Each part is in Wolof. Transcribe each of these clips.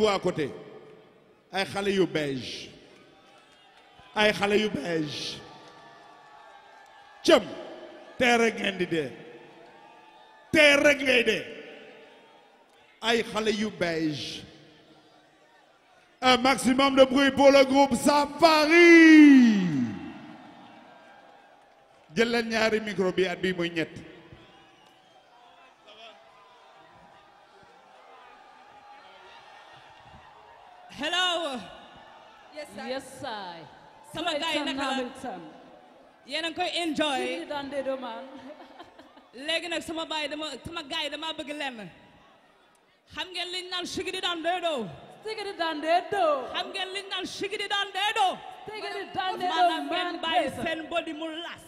pour à côté ay xale yu beige ay xale yu beige cëm Terre rek ngeen di dee tey rek ay beige un maximum de bruit pour le groupe Safari Je leen ñaari micro bi yes saay. sama gars yi naka la yéen a ngi koy enjoy. léegi nag sama baay dama sama gars yi dama bëgg lenn. xam ngeen liñ naan sigidi daan dee doo. sigidi daan dee doo. xam ngeen liñ naan sigidi daan dee doo. sigidi daan dee doo maanaam ngeen body mu las.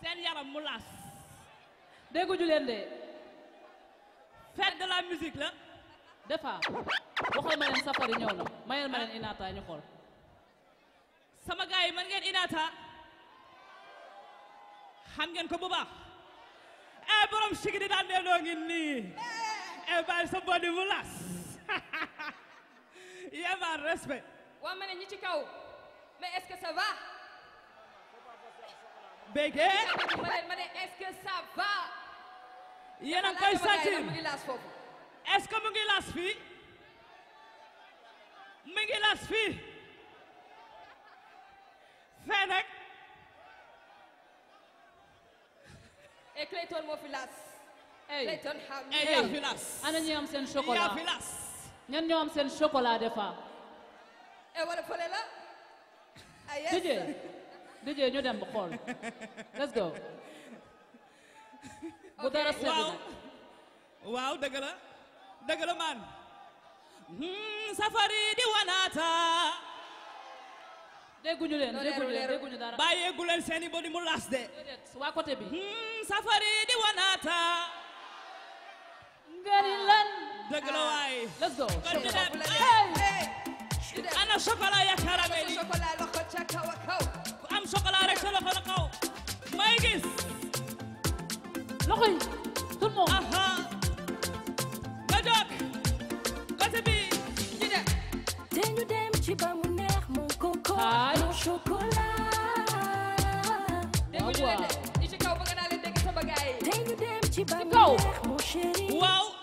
seen yaram mu las. fête de la musique la. Defa, waxal ma leen safari nyono, na mayal ma leen inaata ñu xool sama gars man mën ngeen inaata xam ngeen ko bu baax eh borom sigi di daan delloo ngi ni eh bàyyi sa body mu las ma respect wa ma ne ñi ci kaw mais est-ce que ça va bege ma ne est-ce que ça va yéen a koy sentir est-ce que mu ngi las fii mu e Clayton moo fi las Clayton xam eh, yaa fi las ana ñi seen chocolat yaa e wala fële la ah, DJ DJ ñu dem xool let's go bu dara sedd waaw dëgg dëgg la man hmm, safari di wanaata dégguñu leen dégguñu seeni bodi mu las de côté bi hmm, safari di wanaata ngari lan dëgg ah. waay ana chocolat ya karame am chocolat rek sa loxo na kaw may gis loxo yi tout le ci ba mu neex mon coco. mon chocolat. dégg nga ci kaw bëgg naa leen dégg sama gars yi. tey ñu dem ci ba mu neex mon chéri. waaw.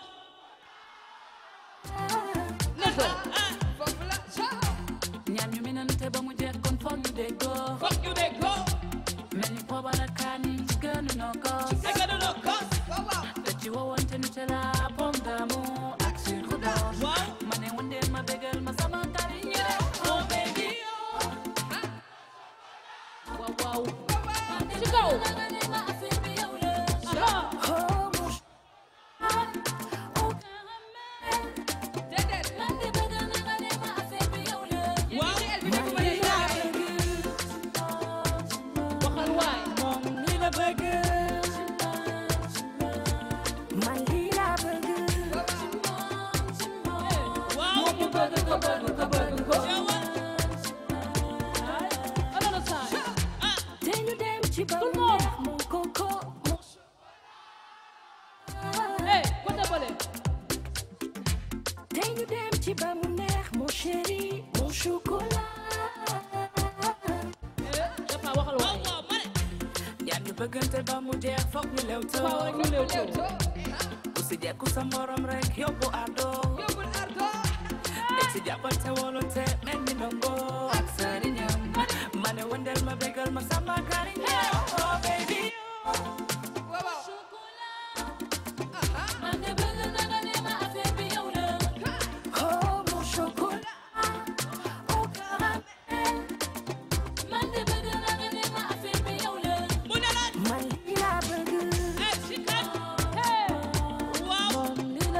bëggante ba mu jeex foog ñu lew too foog ñu lew too ku si jekku sa morom rek yóbbu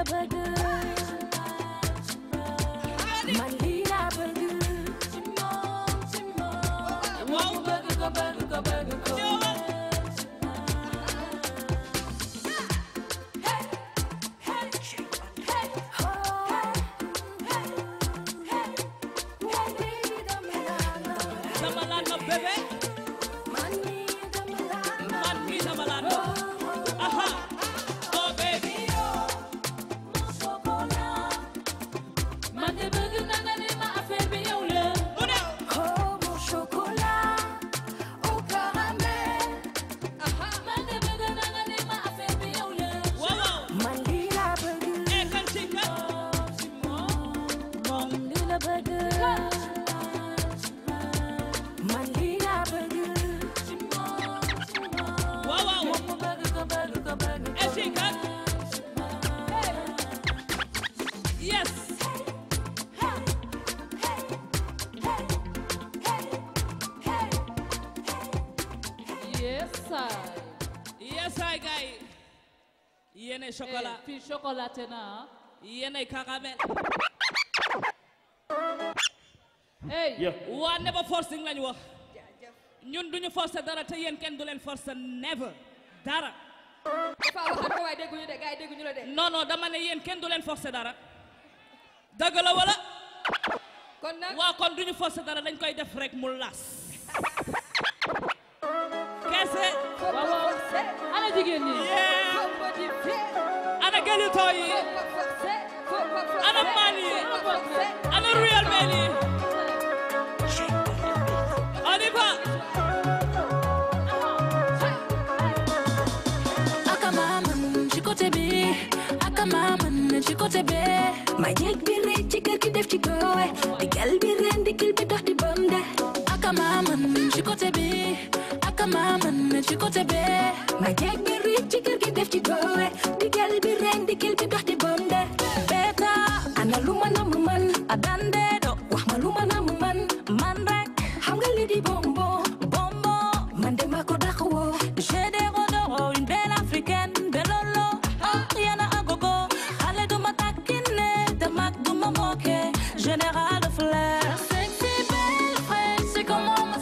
But. Yes, I. Yes, I, guy. Yene chocolat. Hey, eh, puis chocolat, eh, na. Yene caramel. Hey. Yeah. Wa never forcing lañ wax. Ñun duñu forcer dara te yeen kenn never. Dara. No no, dama ne yeen kenn du leen forcer dara. Dëgg wala? Kon nak wa kon duñu forcer dara dañ koy def rek mu las. فرسه بابا انا دیگه نی انا گلتایی انا مالی انا رویال مالی آنیپا chikotebe ma jeg bi re ci kër gi def ci goowe man bombo bombo une belle africaine belolo général de sexy belle c'est comment me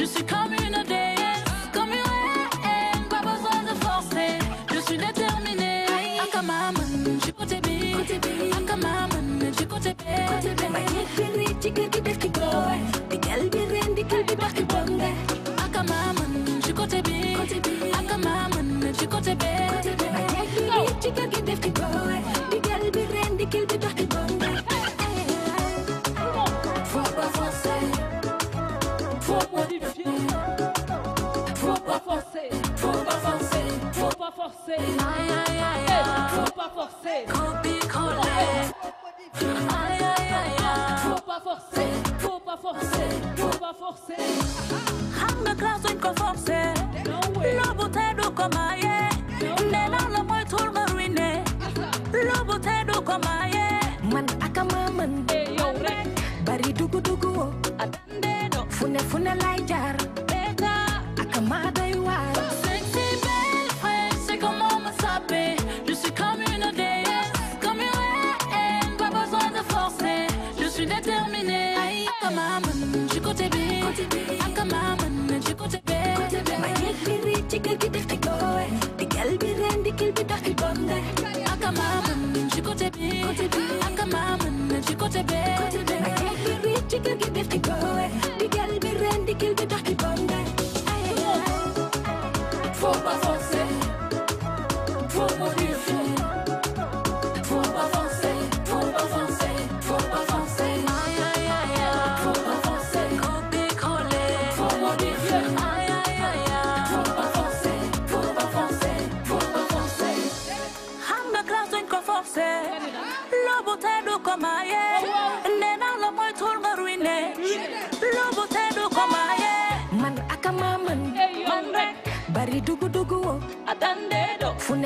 je suis comme une déesse comme une besoin de forcer je suis déterminée akamaman je côté je côté forcé. Aïe, aïe, aïe, aïe. Faut pas forcer. Copier-coller. Aïe, aïe, aïe, aïe. Faut pas forcer. Faut pas forcer. Faut pas forcer. Ham me classe une conforce. Lo beauté du comaye. Nena lo moi tour me ruiné. Lo beauté du comaye. Man akama man. Bari dugu dugu. Atende do. Fune fune lai jar. Beta. Akamade. تحت الجوه بقلبي الرند كلبي تحت البندة أكا ماما مش كتبي أكا ماما مش كتبي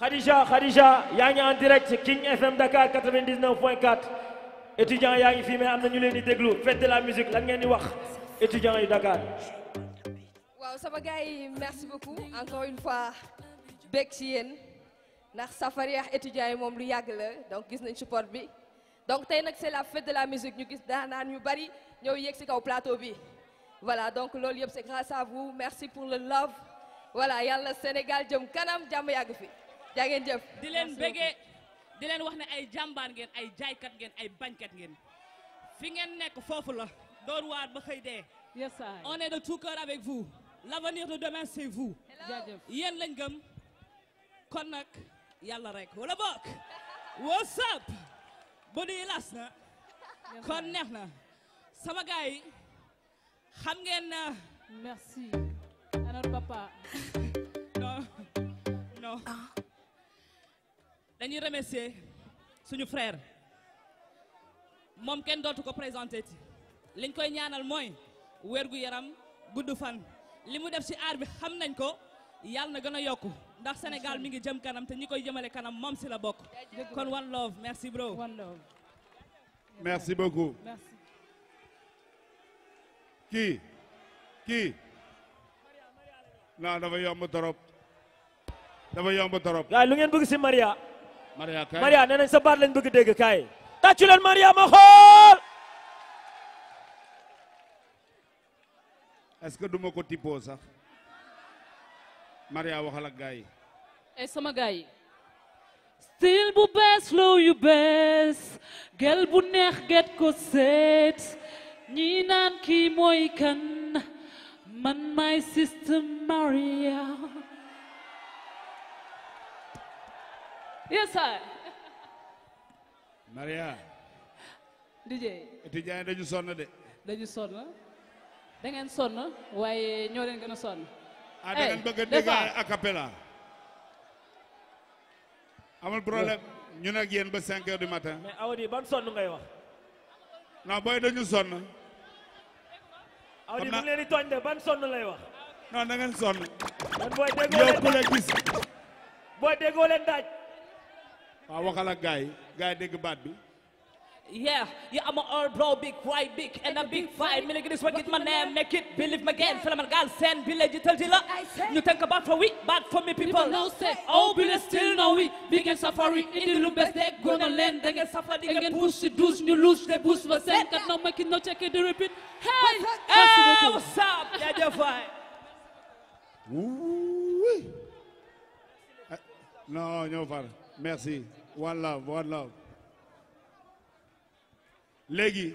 Khadija Khadija ya en direct King FM Dakar 99.4 étudiants yaa ngi mais amna ñu leen di déglu fête de la musique lan ngeen di wax étudiants yu Dakar. waaw sama gars yi merci beaucoup encore une fois Bexien. ci ndax safari ak étudiants yi moom lu yag la donc gis nañ support bi donc tay nak c'est la fête de la musique ñu gis daanaan ñu bari ñëw yéeg ci kaw plateau bi voilà donc loolu yeb c'est grâce à vous merci pour le love voilà yalla Sénégal jëm kanam jàmm yag fi. jaa ngeen di leen bëggee di leen wax ne ay jàmbaar ngeen ay jaaykat ngeen ay bañkat ngeen fi ngeen nekk foofu la door waar ba xëy dee yes sir on de tout cœur avec vous l'avenir de demain c'est vous jaajëf lañ gëm kon nag yàlla rek wala bokk what's up bu nuy las na kon neex na sama gars yi xam ngeen na merci dañuy remercier suñu frère moom kenn dootu ko présenté ci liñ koy ñaanal mooy wér gu yaram gudd fan li mu def si aar bi xam nañ ko yàlla na gën a yokk ndax Sénégal mi ngi jëm kanam te ñi koy jëmale kanam moom si la bokk kon one love merci bro one love merci beaucoup merci kii kii non dafa yomb torop dafa yomb torop waaye lu ngeen bëgg si Maria Maria kaay Maria nee sa baat lañ bëgg dégg kay tàccu len Maria ma xol est-ce que duma ko tipo sax. Maria waxal ak gaay yi. Eh, sama gaay Still bu bes flow you bes gel bu neex get ko set ñi naan ki moy kan. man my sister Maria. Yes, iya, sir. Maria. DJ. DJ dañu sonn de. dañu sonn da ngeen sonn waaye ñoo leen gën a ah da ngeen bëgg a a cappella. amul problème ñun ak yéen ba 5 heures du matin. mais Awadi ban ngay ya, wax. non nah, dañu Awadi mu leen di tooñ de ban sonn lay ya, wax. non nah, da ngeen sonn. man booy déggoo leen yow ku la gis. déggoo leen daaj. waaw waxal ak gars yi gars yi dégg baat Yeah, yeah, I'm a old bro, big white, big, and a big fight. Me this one, get my name, make it, believe me again. Fill my girl, send, village be digital dealer. You think about for we, but for me people. people no say, oh, be oh, still no we. We can suffer in the loop as they gonna land. They get suffer, they get push, the deuce, you lose, they boost my send. Got no making, no check it, they repeat. Hey, hey, what's up? Yeah, they're fine. Ooh, oui. Non, merci. one love one love léegi